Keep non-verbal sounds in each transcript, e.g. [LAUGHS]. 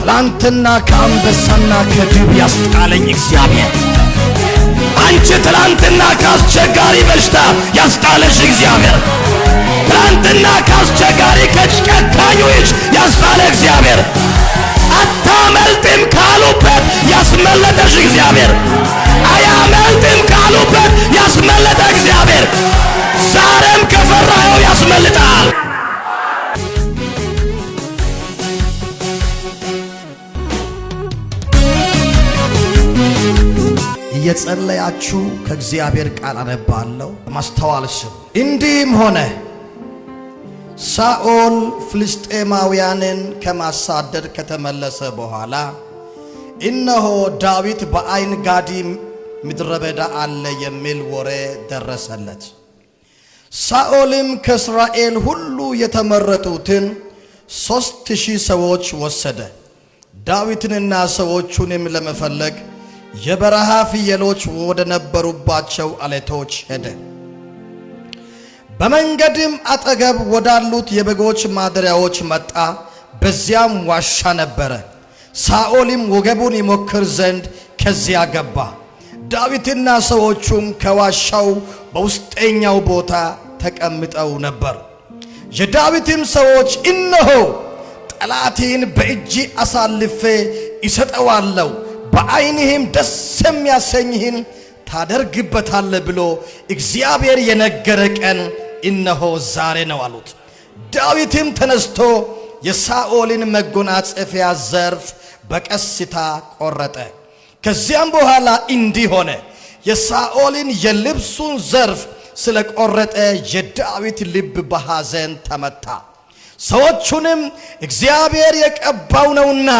ትላንትና ከአንበሳና ከድብ ያስጣለኝ እግዚአብሔር አንቺ ትላንትና ከአስቸጋሪ በሽታ ያስጣለሽ እግዚአብሔር ትላንትና ከአስቸጋሪ ከጨካኙ እጅ ያስጣለ እግዚአብሔር አታመልጥም ካሉበት ያስመለጠሽ እግዚአብሔር አያመልጥም ካሉበት ያስመለጠ እግዚአብሔር ዛሬም ከፈራኸው ያስመልጣል። እየጸለያችሁ ከእግዚአብሔር ቃል አነባለሁ። ማስተዋል ስም እንዲህም ሆነ ሳኦል ፍልስጤማውያንን ከማሳደድ ከተመለሰ በኋላ እነሆ ዳዊት በአይን ጋዲ ምድረ በዳ አለ የሚል ወሬ ደረሰለት። ሳኦልም ከእስራኤል ሁሉ የተመረጡትን ሦስት ሺህ ሰዎች ወሰደ። ዳዊትንና ሰዎቹንም ለመፈለግ የበረሃ ፍየሎች ወደ ነበሩባቸው አለቶች ሄደ። በመንገድም አጠገብ ወዳሉት የበጎች ማደሪያዎች መጣ። በዚያም ዋሻ ነበረ። ሳኦልም ወገቡን ይሞክር ዘንድ ከዚያ ገባ። ዳዊትና ሰዎቹም ከዋሻው በውስጠኛው ቦታ ተቀምጠው ነበር። የዳዊትም ሰዎች እነሆ ጠላቴን በእጅ አሳልፌ ይሰጠዋለሁ በዓይንህም ደስ የሚያሰኝህን ታደርግበታለ ብሎ እግዚአብሔር የነገረ ቀን እነሆ ዛሬ ነው አሉት። ዳዊትም ተነስቶ የሳኦልን መጎናጸፊያ ዘርፍ በቀስታ ቆረጠ። ከዚያም በኋላ እንዲህ ሆነ፣ የሳኦልን የልብሱን ዘርፍ ስለቆረጠ የዳዊት ልብ በሐዘን ተመታ። ሰዎቹንም እግዚአብሔር የቀባው ነውና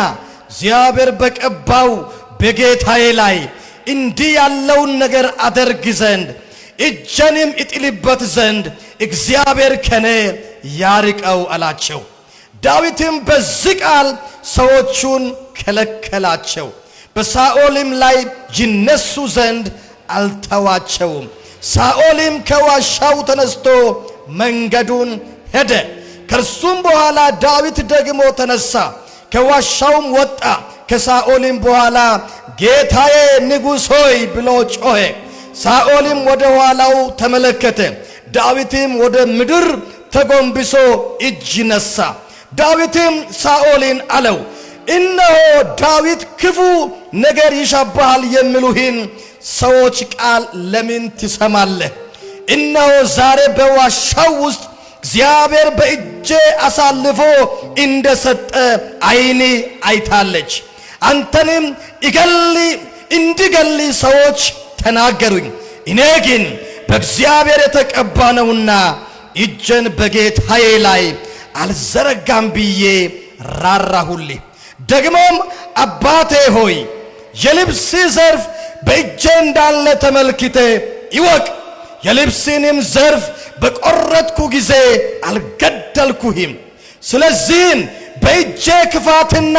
እግዚአብሔር በቀባው በጌታዬ ላይ እንዲህ ያለውን ነገር አደርግ ዘንድ እጄንም እጥልበት ዘንድ እግዚአብሔር ከኔ ያርቀው አላቸው። ዳዊትም በዚህ ቃል ሰዎቹን ከለከላቸው፣ በሳኦልም ላይ ይነሱ ዘንድ አልተዋቸውም። ሳኦልም ከዋሻው ተነስቶ መንገዱን ሄደ። ከእርሱም በኋላ ዳዊት ደግሞ ተነሳ፣ ከዋሻውም ወጣ ከሳኦልም በኋላ ጌታዬ ንጉሥ ሆይ ብሎ ጮኸ። ሳኦልም ወደ ኋላው ተመለከተ። ዳዊትም ወደ ምድር ተጎንብሶ እጅ ነሳ። ዳዊትም ሳኦልን አለው፣ እነሆ ዳዊት ክፉ ነገር ይሻብሃል የሚሉህን ሰዎች ቃል ለምን ትሰማለህ? እነሆ ዛሬ በዋሻው ውስጥ እግዚአብሔር በእጄ አሳልፎ እንደሰጠ ዓይኔ አይታለች። አንተንም ይገል እንዲገል ሰዎች ተናገሩኝ። እኔ ግን በእግዚአብሔር የተቀባ ነውና እጄን በጌታዬ ላይ አልዘረጋም ብዬ ራራሁልህ። ደግሞም አባቴ ሆይ የልብስ ዘርፍ በእጄ እንዳለ ተመልክተ ይወቅ። የልብስንም ዘርፍ በቆረጥኩ ጊዜ አልገደልኩህም። ስለዚህም በእጄ ክፋትና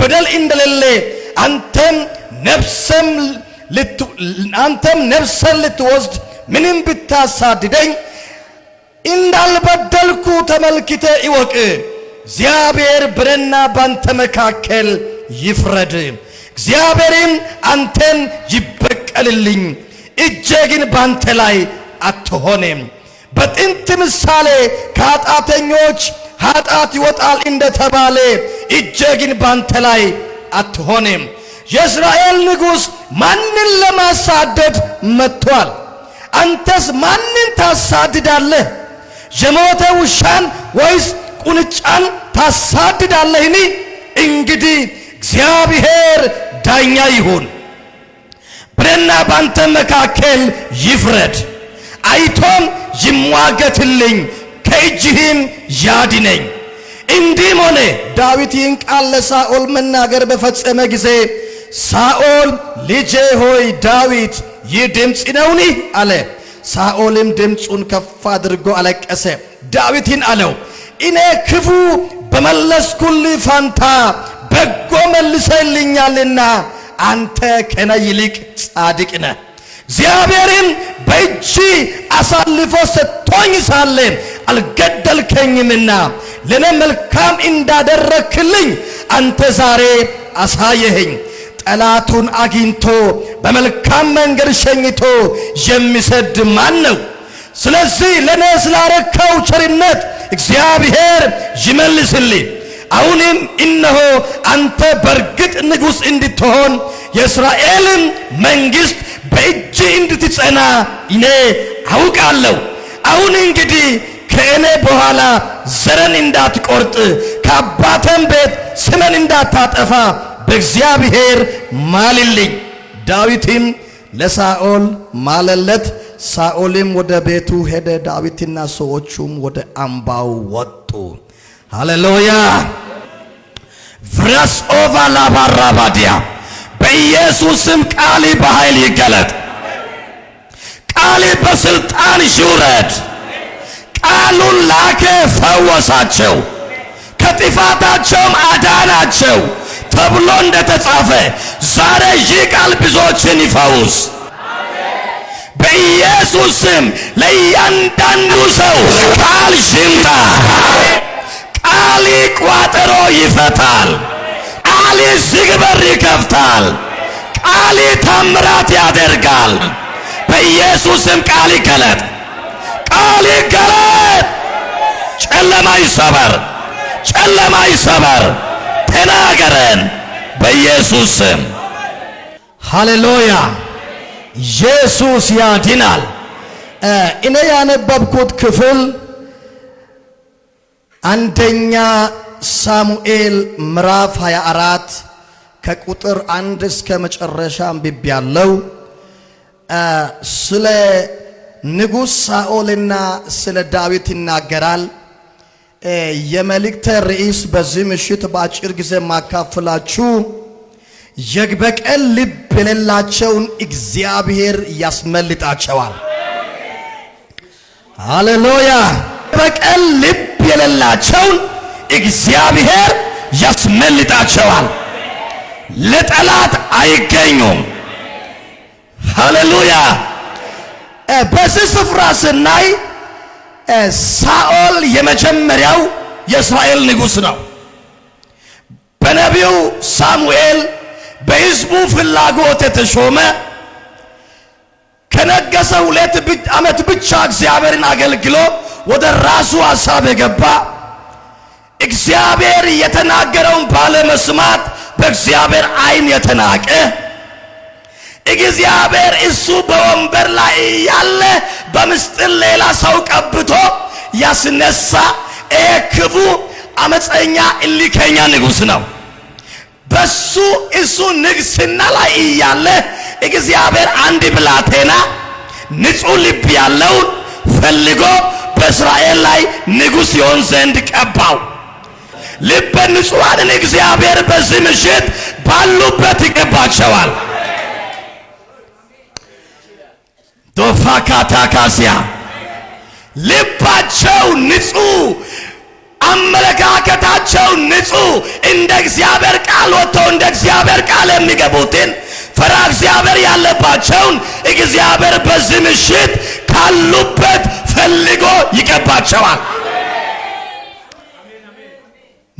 በደል እንደሌለ አንተም ነፍሰም አንተም ነፍሰን ልትወስድ ምንም ብታሳድደኝ እንዳልበደልኩ ተመልክተ ይወቅ። እግዚአብሔር ብረና ባንተ መካከል ይፍረድ፣ እግዚአብሔርም አንተን ይበቀልልኝ። እጄ ግን ባንተ ላይ አትሆንም። በጥንት ምሳሌ ከኃጢአተኞች ኃጢአት ይወጣል እንደተባለ እጄ ግን ባንተ ላይ አትሆንም። የእስራኤል ንጉሥ ማንን ለማሳደድ መጥቷል? አንተስ ማንን ታሳድዳለህ? የሞተ ውሻን ወይስ ቁንጫን ታሳድዳለህኒ? እንግዲህ እግዚአብሔር ዳኛ ይሁን፣ ብሬና ባንተ መካከል ይፍረድ፣ አይቶም ይሟገትልኝ ከእጅህም ያድነኝ። እንዲህም ሆነ ዳዊት ይህን ቃል ለሳኦል መናገር በፈጸመ ጊዜ ሳኦል ልጄ ሆይ ዳዊት ይህ ድምፅ ነውን? አለ። ሳኦልም ድምፁን ከፍ አድርጎ አለቀሰ። ዳዊትን አለው እኔ ክፉ በመለስኩልህ ፋንታ በጎ መልሰልኛልና አንተ ከነ ይልቅ ጻድቅ ነህ። እግዚአብሔርም በእጅ አሳልፎ ሰጥቶኝ ሳለ አልገደልከኝምና ለእኔ መልካም እንዳደረክልኝ አንተ ዛሬ አሳየኸኝ። ጠላቱን አግኝቶ በመልካም መንገድ ሸኝቶ የሚሰድ ማን ነው? ስለዚህ ለእኔ ስላረካው ቸርነት እግዚአብሔር ይመልስልኝ። አሁንም እነሆ አንተ በእርግጥ ንጉሥ እንድትሆን የእስራኤልን መንግሥት በእጅ እንድትጸና እኔ አውቃለሁ። አሁን እንግዲህ ከእኔ በኋላ ዘረን እንዳትቆርጥ ከአባተም ቤት ስምን እንዳታጠፋ በእግዚአብሔር ማልልኝ። ዳዊትም ለሳኦል ማለለት። ሳኦልም ወደ ቤቱ ሄደ፣ ዳዊትና ሰዎቹም ወደ አምባው ወጡ። ሃሌሉያ ቭረስ ኦቫ ላባራባዲያ በኢየሱስም ቃሊ በኃይል ይገለጥ፣ ቃሊ በስልጣን ይሹረድ። ቃሉን ላከ፣ ፈወሳቸው፣ ከጥፋታቸውም አዳናቸው ተብሎ እንደተጻፈ ዛሬ ይህ ቃል ብዙዎችን ይፈውስ። በኢየሱስ ስም ለእያንዳንዱ ሰው ቃል ሽምታ፣ ቃል ቋጠሮ ይፈታል። ቃል ዝግ በር ይከፍታል። ቃል ታምራት ያደርጋል። በኢየሱስም ስም ቃል ይገለጥ። ብርሃን ይገለጥ። ጨለማ ይሰበር፣ ጨለማ ይሰበር። ተናገረን በኢየሱስ ስም። ሃሌሉያ! ኢየሱስ ያድናል። እኔ ያነበብኩት ክፍል አንደኛ ሳሙኤል ምዕራፍ 24 ከቁጥር አንድ እስከ መጨረሻ አንብቤያለሁ ስለ ንጉሥ ሳኦልና ስለ ዳዊት ይናገራል። የመልእክተ ርዕስ በዚህ ምሽት በአጭር ጊዜ ማካፍላችሁ የግበቀል ልብ የሌላቸውን እግዚአብሔር ያስመልጣቸዋል። ሃሌሉያ! በቀል ልብ የሌላቸውን እግዚአብሔር ያስመልጣቸዋል። ለጠላት አይገኙም። ሃሌሉያ! በዚህ ስፍራ ስናይ ሳኦል የመጀመሪያው የእስራኤል ንጉሥ ነው። በነቢዩ ሳሙኤል በሕዝቡ ፍላጎት የተሾመ ከነገሰ ሁለት ዓመት ብቻ እግዚአብሔርን አገልግሎ ወደ ራሱ ሐሳብ የገባ እግዚአብሔር የተናገረውን ባለመስማት በእግዚአብሔር ዓይን የተናቀ እግዚአብሔር እሱ በወንበር ላይ እያለ በምስጢር ሌላ ሰው ቀብቶ ያስነሳ ይሄ ክፉ አመፀኛ እልከኛ ንጉሥ ነው። በሱ እሱ ንግስና ላይ እያለ እግዚአብሔር አንድ ብላቴና ንጹህ ልብ ያለውን ፈልጎ በእስራኤል ላይ ንጉስ ይሆን ዘንድ ቀባው። ልበ ንጹሐንን እግዚአብሔር በዚህ ምሽት ባሉበት ይገባቸዋል። ዶፋካታካሲያ ልባቸው ንጹሕ፣ አመለካከታቸው ንጹሕ እንደ እግዚአብሔር ቃል ወጥተው እንደ እግዚአብሔር ቃል የሚገቡትን ፈራ እግዚአብሔር ያለባቸውን እግዚአብሔር በዚህ ምሽት ካሉበት ፈልጎ ይገባቸዋል።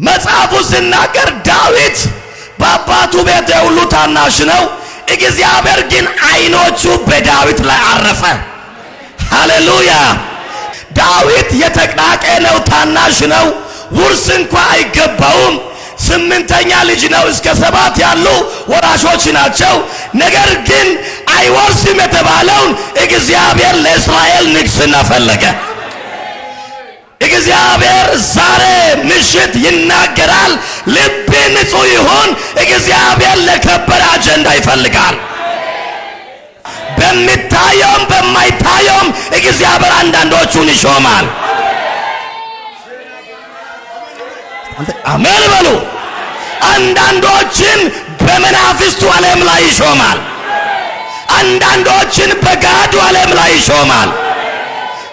መጽሐፉ ሲናገር ዳዊት በአባቱ ቤት የሁሉ ታናሽ ነው። እግዚአብሔር ግን አይኖቹ በዳዊት ላይ አረፈ። ሃሌሉያ! ዳዊት የተቅናቄ ነው፣ ታናሽ ነው፣ ውርስ እንኳ አይገባውም። ስምንተኛ ልጅ ነው። እስከ ሰባት ያሉ ወራሾች ናቸው። ነገር ግን አይወርስም የተባለውን እግዚአብሔር ለእስራኤል ንግስና ፈለገ። እግዚአብሔር ዛሬ ምሽት ይናገራል። ልቤ ንጹህ ይሆን እግዚአብሔር ለከበረ አጀንዳ ይፈልጋል። በሚታየውም በማይታየውም እግዚአብሔር አንዳንዶቹን ይሾማል። አሜን በሉ። አንዳንዶችን በመናፍስቱ ዓለም ላይ ይሾማል። አንዳንዶችን በጋዱ ዓለም ላይ ይሾማል።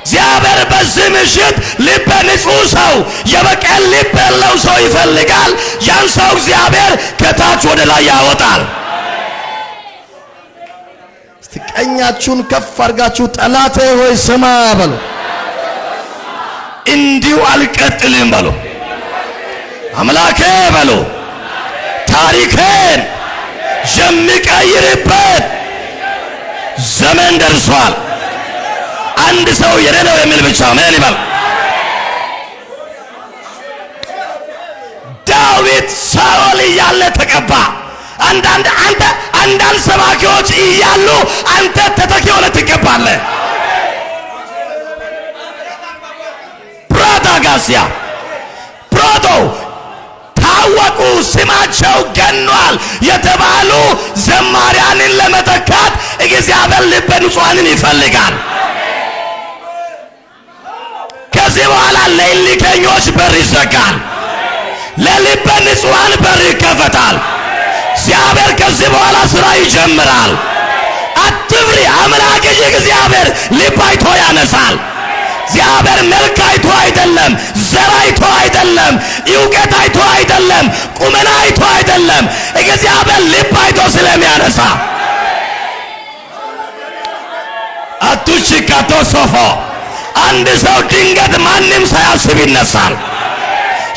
እግዚአብሔር በዚህ ምሽት ልበ ንጹሕ ሰው የበቀል ልብ ያለው ሰው ይፈልጋል። ያን ሰው እግዚአብሔር ከታች ወደ ላይ ያወጣል። እስቲ ቀኛችሁን ከፍ አድርጋችሁ ጠላቴ ሆይ ስማ በሉ። እንዲሁ አልቀጥልም በሉ። አምላኬ በሉ። ታሪክን የሚቀይርበት ዘመን ደርሷል። አንድ ሰው የኔ ነው የሚል ብቻ ምን ይበል። ዳዊት ሳኦል እያለ ተቀባ። አንዳንድ አንተ አንዳንድ ሰባኪዎች እያሉ አንተ ተተኪ ሆነ ትገባለህ። ብራታ ጋሲያ ፕሮቶ ታወቁ፣ ስማቸው ገኗል የተባሉ ዘማሪያንን ለመተካት እግዚአብሔር ልበ ንጹሐንን ይፈልጋል። ከዚህ በኋላ ለሊተኞች በር ይዘጋል፣ ለልበ ንጹሐን በር ይከፈታል። እግዚአብሔር ከዚህ በኋላ ሥራ ይጀምራል። አትፍሪ፣ አምላክ እግዚአብሔር ልብ አይቶ ያነሳል። እግዚአብሔር መልክ አይቶ አይደለም፣ ዘር አይቶ አይደለም፣ እውቀት አይቶ አይደለም፣ ቁመና አይቶ አይደለም፣ እግዚአብሔር ልብ አይቶ ስለሚያነሳ አቱ። ካቶ ሶፎ አንድ ሰው ድንገት ማንም ሳያስብ ይነሳል።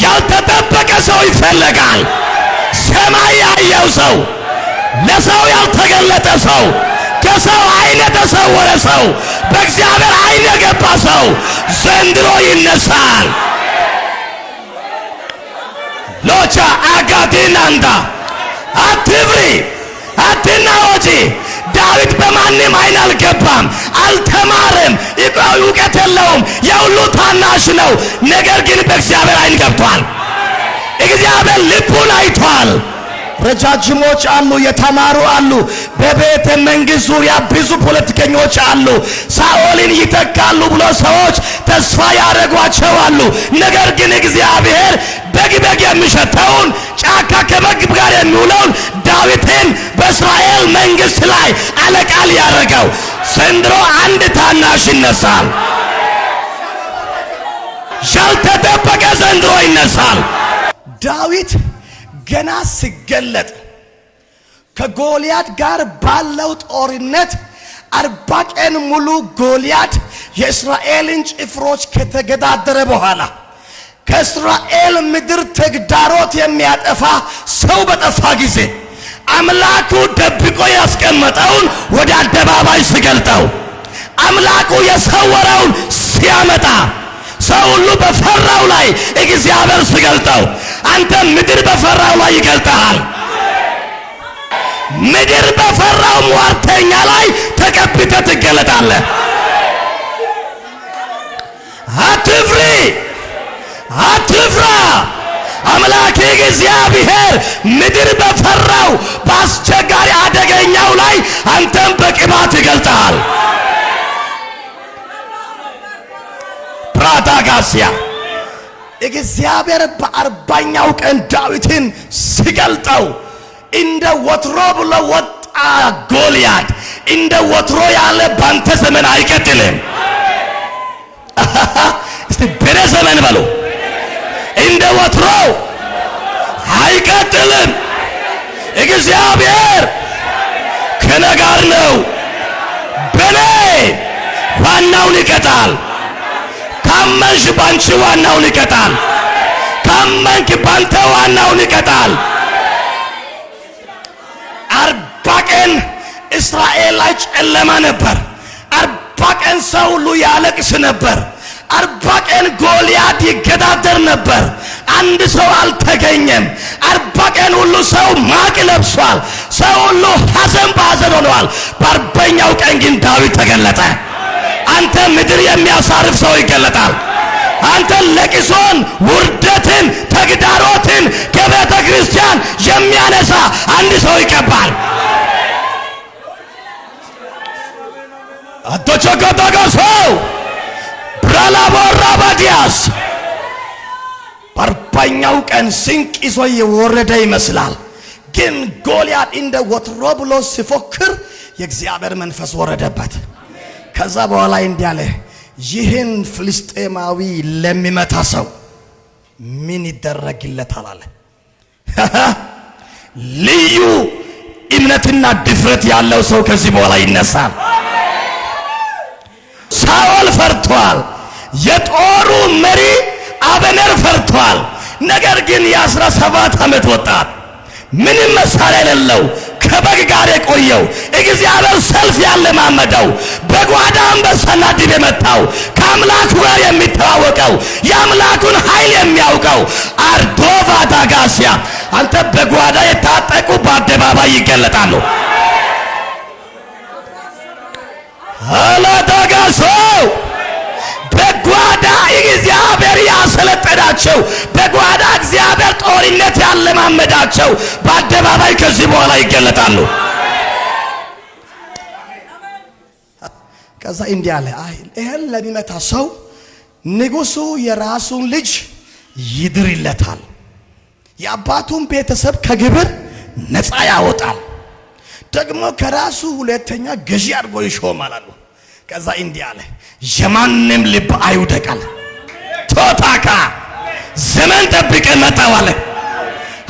ያልተጠበቀ ሰው ይፈለጋል። ሰማይ ያየው ሰው፣ ለሰው ያልተገለጠ ሰው፣ ከሰው አይነ የተሰወረ ሰው፣ በእግዚአብሔር አይን የገባ ሰው ዘንድሮ ይነሳል። ሎቻ አጋቲናንዳ አትብሪ አትናወጪ ዳዊት በማንም አይን አልገባም፣ አልተማረም፣ እውቀት የለውም፣ የሁሉ ታናሽ ነው። ነገር ግን በእግዚአብሔር አይን ገብቷል። እግዚአብሔር ልቡን አይቷል። ረጃጅሞች አሉ፣ የተማሩ አሉ። በቤተ መንግስት ዙሪያ ብዙ ፖለቲከኞች አሉ። ሳኦልን ይተካሉ ብሎ ሰዎች ተስፋ ያደረጓቸው አሉ። ነገር ግን እግዚአብሔር በግ በግ የሚሸተውን ጫካ ከበግ ጋር የሚውለውን ዳዊትን በእስራኤል መንግስት ላይ አለቃ ያደረገው ዘንድሮ አንድ ታናሽ ይነሳል። ያልተጠበቀ ዘንድሮ ይነሳል ዳዊት ገና ሲገለጥ ከጎልያድ ጋር ባለው ጦርነት አርባ ቀን ሙሉ ጎልያድ የእስራኤልን ጭፍሮች ከተገዳደረ በኋላ ከእስራኤል ምድር ተግዳሮት የሚያጠፋ ሰው በጠፋ ጊዜ አምላኩ ደብቆ ያስቀመጠውን ወደ አደባባይ ሲገልጠው አምላኩ የሰወረውን ሲያመጣ ሰው ሁሉ በፈራው ላይ እግዚአብሔር ሲገልጠው፣ አንተ ምድር በፈራው ላይ ይገልጠሃል። ምድር በፈራው ሟርተኛ ላይ ተቀብተ ትገለጣለ። አትፍሪ፣ አትፍራ። አምላክ እግዚአብሔር ምድር በፈራው በአስቸጋሪ አደገኛው ላይ አንተም በቅባት ይገልጠሃል። ጋሲያ እግዚአብሔር በአርባኛው ቀን ዳዊትን ሲገልጠው እንደ ወትሮ ብሎ ወጣ ጎልያድ። እንደ ወትሮ ያለ ባንተ ዘመን አይቀጥልም። እስቲ በኔ ዘመን በሉ፣ እንደ ወትሮ አይቀጥልም። እግዚአብሔር ከነጋር ነው። በኔ ዋናውን ይቀጣል። ካመንሽ ባንቺ ዋናውን ይቀጣል። ካመንክ ባንተ ዋናውን ይቀጣል። አርባ ቀን እስራኤል ላይ ጨለማ ነበር። አርባ ቀን ሰው ሁሉ ያለቅስ ነበር። አርባ ቀን ጎልያድ ይገዳደር ነበር። አንድ ሰው አልተገኘም። አርባ ቀን ሁሉ ሰው ማቅ ለብሷል። ሰው ሁሉ ሐዘን በሐዘን ሆነዋል። በአርበኛው ቀን ግን ዳዊት ተገለጠ። አንተ ምድር የሚያሳርፍ ሰው ይገለጣል። አንተ ለቅሶን፣ ውርደትን፣ ተግዳሮትን ከቤተ ክርስቲያን የሚያነሳ አንድ ሰው ይቀባል። አቶቾኮቶኮ ሰው ብራላቦራ ባዲያስ በአርባኛው ቀን ስንቅ ይዞ የወረደ ይመስላል። ግን ጎልያድ እንደ ወትሮ ብሎ ሲፎክር የእግዚአብሔር መንፈስ ወረደበት። ከዛ በኋላ እንዲህ አለ፣ ይህን ፍልስጤማዊ ለሚመታ ሰው ምን ይደረግለታል? አለ። [LAUGHS] ልዩ እምነትና ድፍረት ያለው ሰው ከዚህ በኋላ ይነሳል። ሳኦል ፈርቷል። የጦሩ መሪ አበነር ፈርቷል። ነገር ግን የአስራ ሰባት ዓመት ወጣት ምንም መሳሪያ የሌለው ከበግ ጋር የቆየው እግዚአብሔር ሰልፍ ያለማመደው በጓዳ አንበሳና ድብ የመታው ከአምላኩ ጋር የሚተዋወቀው የአምላኩን ኃይል የሚያውቀው አርዶቫ ዳጋሲያ አንተ በጓዳ የታጠቁ በአደባባይ ይገለጣሉ። አላዳጋሶ በጓዳ እግዚአብሔር ያሰለጠዳቸው በጓዳ እግዚአብሔር ጦርነት ያለማመዳቸው በአደባባይ ከዚህ በኋላ ይገለጣሉ። ከዛ እንዲህ አለ፣ ይህን ለሚመታ ሰው ንጉሱ የራሱን ልጅ ይድርለታል፣ የአባቱን ቤተሰብ ከግብር ነፃ ያወጣል፣ ደግሞ ከራሱ ሁለተኛ ገዢ አድርጎ ይሾማል አሉ። ከዛ እንዲህ አለ፣ የማንም ልብ አይውደቃል። ቶታካ ዘመን ጠብቀ መጣው አለ።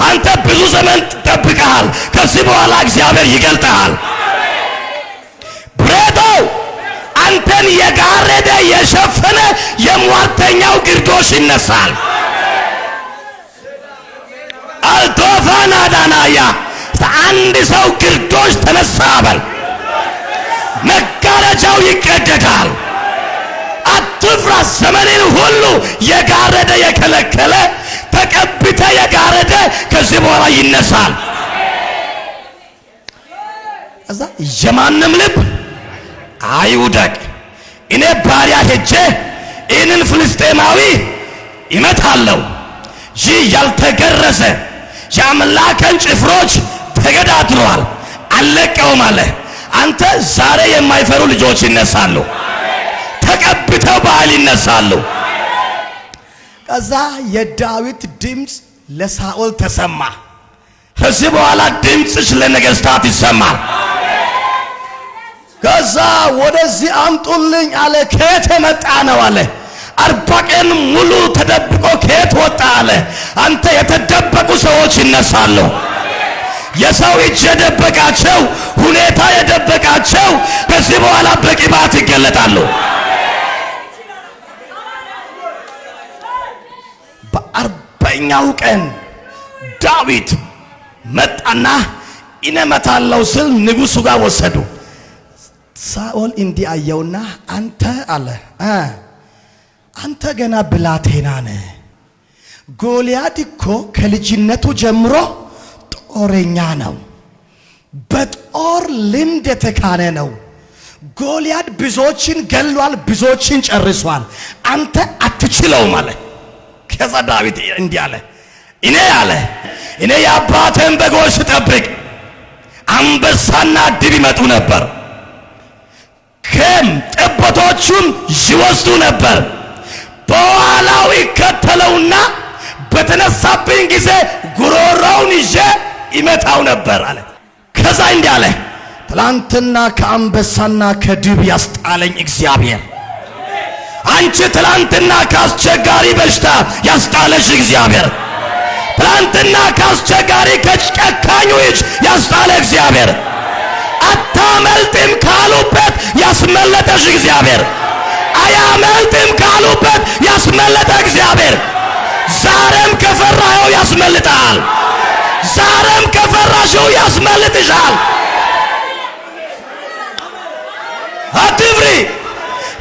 አንተ ብዙ ዘመን ጠብቀሃል። ከዚህ በኋላ እግዚአብሔር ይገልጠሃል። ብሬቶ አንተን የጋረደ የሸፈነ የሟርተኛው ግርዶሽ ይነሳል። አልቶፋና ዳናያ አንድ ሰው ግርዶሽ ተነሳ በል መጋረጃው ይቀደዳል። አትፍራ። ዘመኔን ሁሉ የጋረደ የከለከለ ተቀብተ የጋረደ ከዚህ በኋላ ይነሳል። እዛ የማንም ልብ አይውደቅ። እኔ ባሪያ ሄጄ ይህንን ፍልስጤማዊ ይመታለሁ። ይህ ያልተገረዘ የአምላክን ጭፍሮች ተገዳድሯል፣ አለቀውም አለ። አንተ ዛሬ የማይፈሩ ልጆች ይነሳሉ። ተቀብተው በኃይል ይነሳሉ። ከዛ የዳዊት ድምፅ ለሳኦል ተሰማ። ከዚህ በኋላ ድምፅሽ ለነገስታት ይሰማል። ከዛ ወደዚህ አምጡልኝ አለ። ከየት የመጣ ነው አለ። አርባ ቀን ሙሉ ተደብቆ ከየት ወጣ አለ። አንተ የተደበቁ ሰዎች ይነሳሉ። የሰው እጅ የደበቃቸው፣ ሁኔታ የደበቃቸው ከዚህ በኋላ በቅባት ይገለጣሉ። በእኛው ቀን ዳዊት መጣና ይነመታለው ስል ንጉሱ ጋር ወሰዱ። ሳኦል እንዲህ አየውና አንተ አለ አንተ ገና ብላቴና ነህ። ጎልያድ እኮ ከልጅነቱ ጀምሮ ጦረኛ ነው። በጦር ልምድ የተካነ ነው። ጎልያድ ብዙዎችን ገሏል፣ ብዙዎችን ጨርሷል። አንተ አትችለውም አለ። ከዛ ዳዊት እንዲህ አለ፣ እኔ አለ እኔ የአባቴን በጎች ስጠብቅ አንበሳና ድብ ይመጡ ነበር፣ ከም ጠቦቶቹም ይወስዱ ነበር። በኋላው ይከተለውና በተነሳብኝ ጊዜ ጉሮሮውን ይዤ ይመታው ነበር አለ። ከዛ እንዲህ አለ፣ ትላንትና ከአንበሳና ከድብ ያስጣለኝ እግዚአብሔር አንቺ ትላንትና ከአስቸጋሪ በሽታ ያስጣለሽ እግዚአብሔር ትላንትና ከአስቸጋሪ ከጨካኙ እጅ ያስጣለ እግዚአብሔር አታመልጥም ካሉበት ያስመለጠሽ እግዚአብሔር አያመልጥም ካሉበት ያስመለጠ እግዚአብሔር ዛሬም ከፈራኸው ያስመልጠሃል። ዛሬም ከፈራሽው ያስመልጥሻል። አትፍሪ።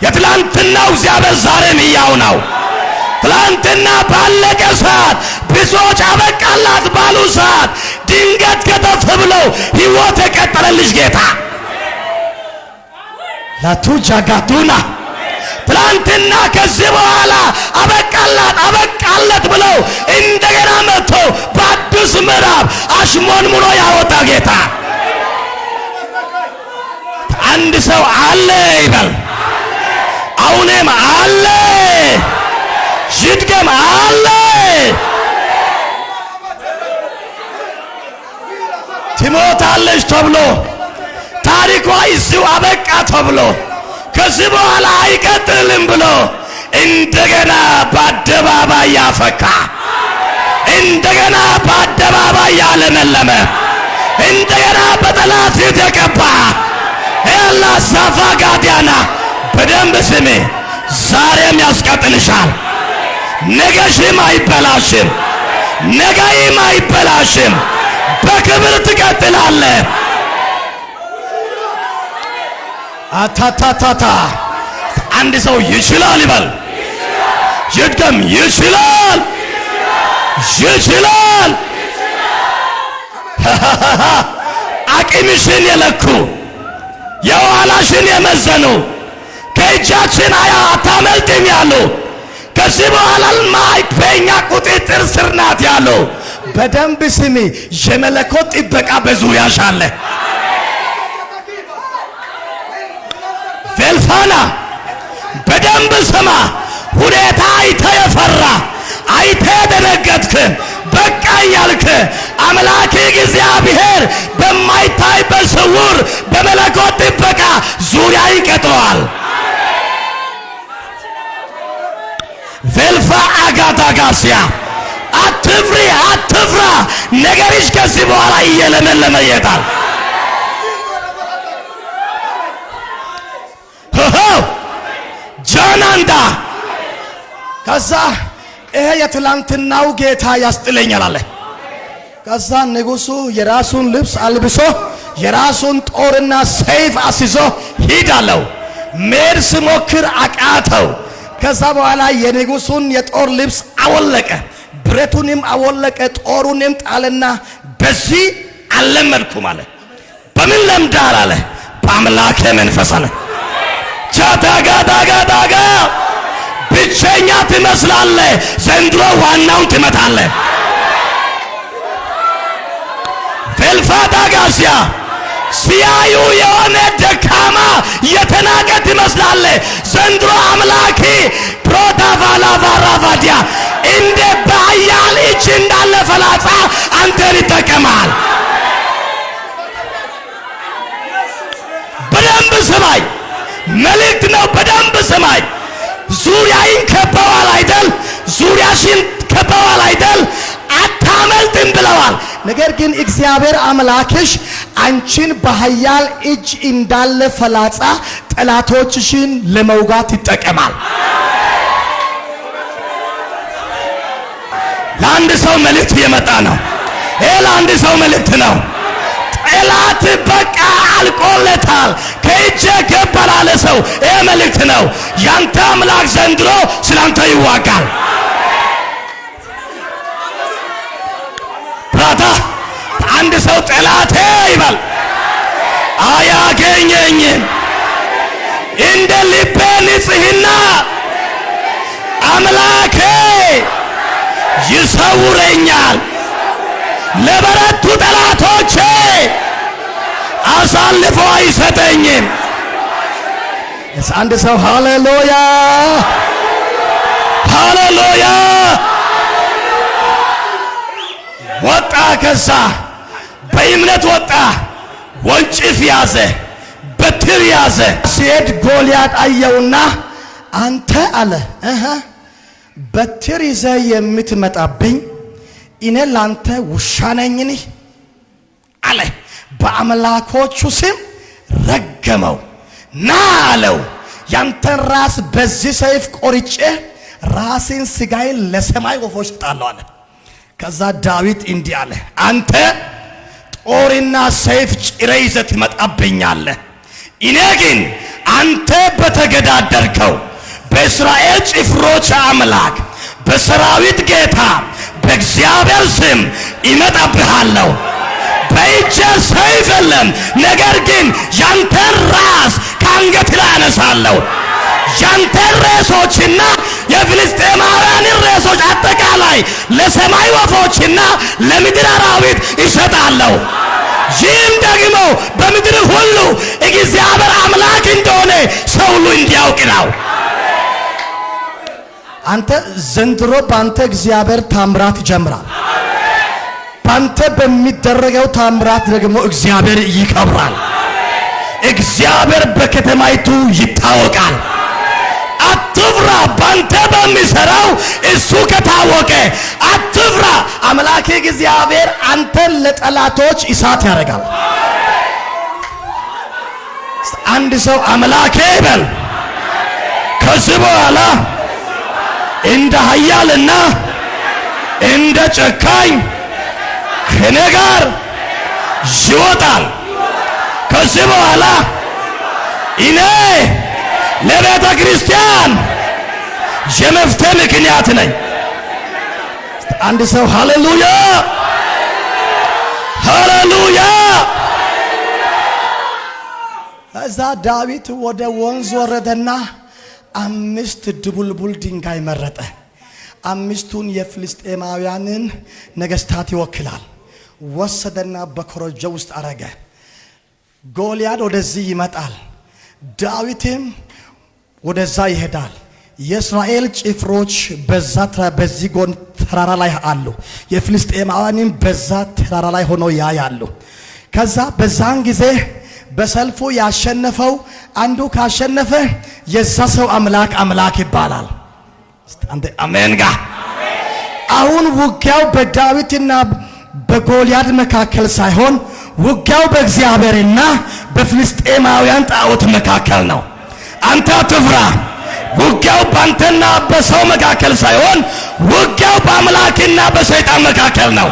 የትላንትናው እግዚአብሔር ዛሬም ሕያው ነው። ትላንትና ባለቀ ሰዓት ብዙዎች አበቃላት ባሉ ሰዓት ድንገት ከተፍ ብለው ሕይወት የቀጠለልሽ ጌታ ላቱጃጋቱና ትላንትና ከዚህ በኋላ አበቃላት አበቃለት ብለው እንደገና መጥተው በአዲስ ምዕራብ አሽሞን ሙሎ ያወጣ ጌታ አንድ ሰው አለ ይበል። አሁንም አለ ይድገም አለ ትሞታለች ተብሎ ታሪኳ እዚሁ አበቃ ተብሎ ከዚህ በኋላ አይቀጥልም ብሎ እንደገና በአደባባይ ያፈካ እንደገና በአደባባይ ያለመለመ እንደገና በጠላት ፊት የቀባ ኤላ ሳፋጋዲያና በደንብ ስሜ ዛሬም ያስቀጥልሻል። ነገሽም አይበላሽም። ነገይም አይበላሽም። በክብር ትቀጥላለ። አታታታታ አንድ ሰው ይችላል ይበል። ይድገም። ይችላል፣ ይችላል። አቅምሽን የለኩ የኋላሽን የመዘኑ እጃችን አያ አታመልጥም ያሉ ከዚህ በኋላ ማይክ በእኛ ቁጥጥር ስር ናት ያሉ በደንብ ስሚ። የመለኮት ጥበቃ በዙሪያሽ አለ። ቬልፋና በደንብ ስማ። ሁኔታ አይተ የፈራ አይተ የደነገጥክ በቃ ያልክ አምላክ እግዚአብሔር በማይታይበት ስውር በመለኮት ጥበቃ ዙሪያ ይቀጥረዋል። ቬልፋ አጋታጋሲያ አትፍሪ፣ አትፍራ። ነገርሽ ከዚህ በኋላ እየለመለመ ይሄዳል። ጃናንዳ ከዛ ይሄ የትላንትናው ጌታ ያስጥለኛል አለ። ከዛ ንጉሡ የራሱን ልብስ አልብሶ የራሱን ጦርና ሰይፍ አስይዞ ሂድ አለው። መሄድ ስሞክር አቃተው። ከዛ በኋላ የንጉሱን የጦር ልብስ አወለቀ፣ ብረቱንም አወለቀ፣ ጦሩንም ጣለና በዚህ አልለመድኩም አለ። በምን ለምዳል አለ። በአምላኬ መንፈስ አለ። ቻዳጋዳጋዳጋ ብቸኛ ትመስላለ፣ ዘንድሮ ዋናውን ትመታለ። ፈልፋታ ጋሲያ ሲያዩ የሆነ ደካማ የተናቀ ትመስላለ፣ ዘንድሮ አምላ ላቫራ ቫዲያ እንደ በአያል እጅ እንዳለ ፈላጻ አንተን ይጠቀማል። በደንብ ስማኝ፣ መልእክት ነው። በደንብ ስማኝ። ዙሪያይን ከበዋል አይደል? ዙሪያሽን ከበዋል አይደል? አታመልጥም ብለዋል። ነገር ግን እግዚአብሔር አምላክሽ አንቺን በኃያል እጅ እንዳለ ፈላጻ ጠላቶችሽን ለመውጋት ይጠቀማል። ለአንድ ሰው መልእክት እየመጣ ነው። ይህ ለአንድ ሰው መልእክት ነው። ጠላት በቃ አልቆለታል፣ ከእጀ ገባ ላለ ሰው ይህ መልእክት ነው። ያንተ አምላክ ዘንድሮ ስላንተ ይዋጋል። ፕራታ አንድ ሰው ጠላቴ ይባል አያገኘኝም እንደ ልቤ ንጽህና አምላኬ ይሰውረኛል ለበረቱ ጠላቶቼ አሳልፎ አይሰጠኝም። አንድ ሰው ሃሌሉያ ሃሌሉያ ወጣ። ከዛ በእምነት ወጣ። ወንጭፍ ያዘ፣ በትር ያዘ። ሲሄድ ጎልያድ አየውና አንተ አለ በትር ይዘ የምትመጣብኝ እኔ ላንተ ውሻ ነኝን? አለ። በአምላኮቹ ስም ረገመው። ና አለው፣ ያንተን ራስ በዚህ ሰይፍ ቆርጬ ራሴን ስጋዬን ለሰማይ ወፎች እሰጣለሁ አለ። ከዛ ዳዊት እንዲህ አለ፣ አንተ ጦርና ሰይፍ ጭሬ ይዘህ ትመጣብኛለህ፣ እኔ ግን አንተ በተገዳደርከው በእስራኤል ጭፍሮች አምላክ በሰራዊት ጌታ በእግዚአብሔር ስም ይመጣብሃለሁ። በእጀ ሰይፍ የለም፣ ነገር ግን ያንተን ራስ ከአንገት ላይ አነሳለሁ። ያንተን ሬሶችና የፍልስጤማውያንን ሬሶች አጠቃላይ ለሰማይ ወፎችና ለምድር አራዊት ይሰጣለሁ። ይህም ደግሞ በምድር ሁሉ እግዚአብሔር አምላክ እንደሆነ ሰው ሁሉ እንዲያውቅ ነው። አንተ ዘንድሮ በአንተ እግዚአብሔር ታምራት ይጀምራል። በአንተ በሚደረገው ታምራት ደግሞ እግዚአብሔር ይከብራል። እግዚአብሔር በከተማይቱ ይታወቃል። አትፍራ፣ ባንተ በሚሰራው እሱ ከታወቀ አትፍራ። አምላክ እግዚአብሔር አንተን ለጠላቶች እሳት ያደርጋል። አንድ ሰው አምላኬ ይበል። ከዚህ በኋላ እንደ ኃያልና እንደ ጨካኝ ከኔ ጋር ይወጣል። ከዚህ በኋላ እኔ ለቤተ ክርስቲያን የመፍትሄ ምክንያት ነኝ። አንድ ሰው ሃሌሉያ ሃሌሉያ። እዛ ዳዊት ወደ ወንዝ ወረደና አምስት ድቡልቡል ድንጋይ መረጠ። አምስቱን የፍልስጤማውያንን ነገስታት ይወክላል። ወሰደና በኮረጆ ውስጥ አረገ። ጎልያድ ወደዚህ ይመጣል፣ ዳዊትም ወደዛ ይሄዳል። የእስራኤል ጭፍሮች በዛ በዚህ ጎን ተራራ ላይ አሉ። የፍልስጤማውያንም በዛ ተራራ ላይ ሆነው ያያሉ። ከዛ በዛን ጊዜ በሰልፉ ያሸነፈው አንዱ ካሸነፈ የዛ ሰው አምላክ አምላክ ይባላል። አሜን ጋ አሁን ውጊያው በዳዊትና በጎልያድ መካከል ሳይሆን ውጊያው በእግዚአብሔርና በፍልስጤማውያን ጣዖት መካከል ነው። አንተ ትፍራ። ውጊያው ባንተና በሰው መካከል ሳይሆን ውጊያው በአምላክና በሰይጣን መካከል ነው።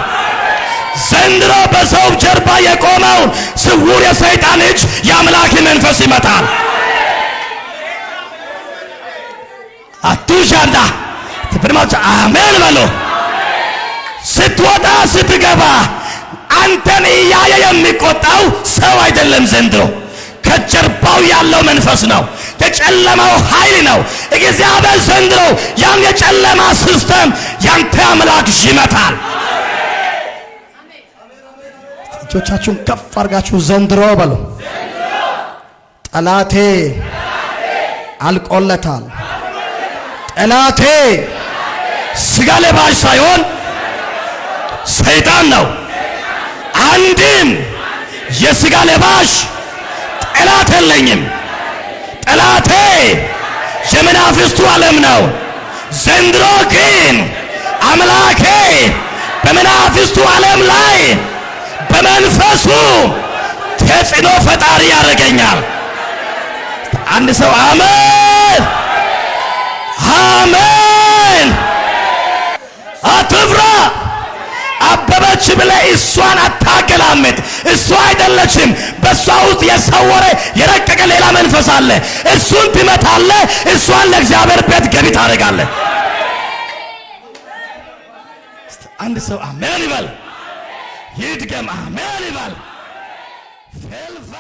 ዘንድሮ በሰው ጀርባ የቆመው ስውር የሰይጣን እጅ የአምላክ መንፈስ ይመታል። አቱሻንዳ ትፍርማች አሜን በሎ ስትወጣ ስትገባ አንተን እያየ የሚቆጣው ሰው አይደለም። ዘንድሮ ከጀርባው ያለው መንፈስ ነው። የጨለማው ኃይል ነው። እግዚአብሔር ዘንድሮ ያን የጨለማ ሲስተም ያንተ አምላክ ይመታል። እጆቻችሁን ከፍ አድርጋችሁ ዘንድሮ በሉ። ጠላቴ አልቆለታል። ጠላቴ ስጋ ለባሽ ሳይሆን ሰይጣን ነው። አንድም የስጋ ለባሽ ጠላት የለኝም። ጠላቴ የመናፍስቱ ዓለም ነው። ዘንድሮ ግን አምላኬ በመናፍስቱ ዓለም ላይ በመንፈሱ ተጽዕኖ ፈጣሪ ያደርገኛል። አንድ ሰው አሜን፣ አሜን። አትፍራ። አበበች ብለህ እሷን አታገላምጥ። እሷ አይደለችም። በእሷ ውስጥ የሰወረ የረቀቀ ሌላ መንፈስ አለ። እሱን ትመታለህ። እሷን ለእግዚአብሔር ቤት ገቢ ታደርጋለህ። አንድ ሰው አሜን ይበል። ይድገም። አሜን ይባል ፈልፋ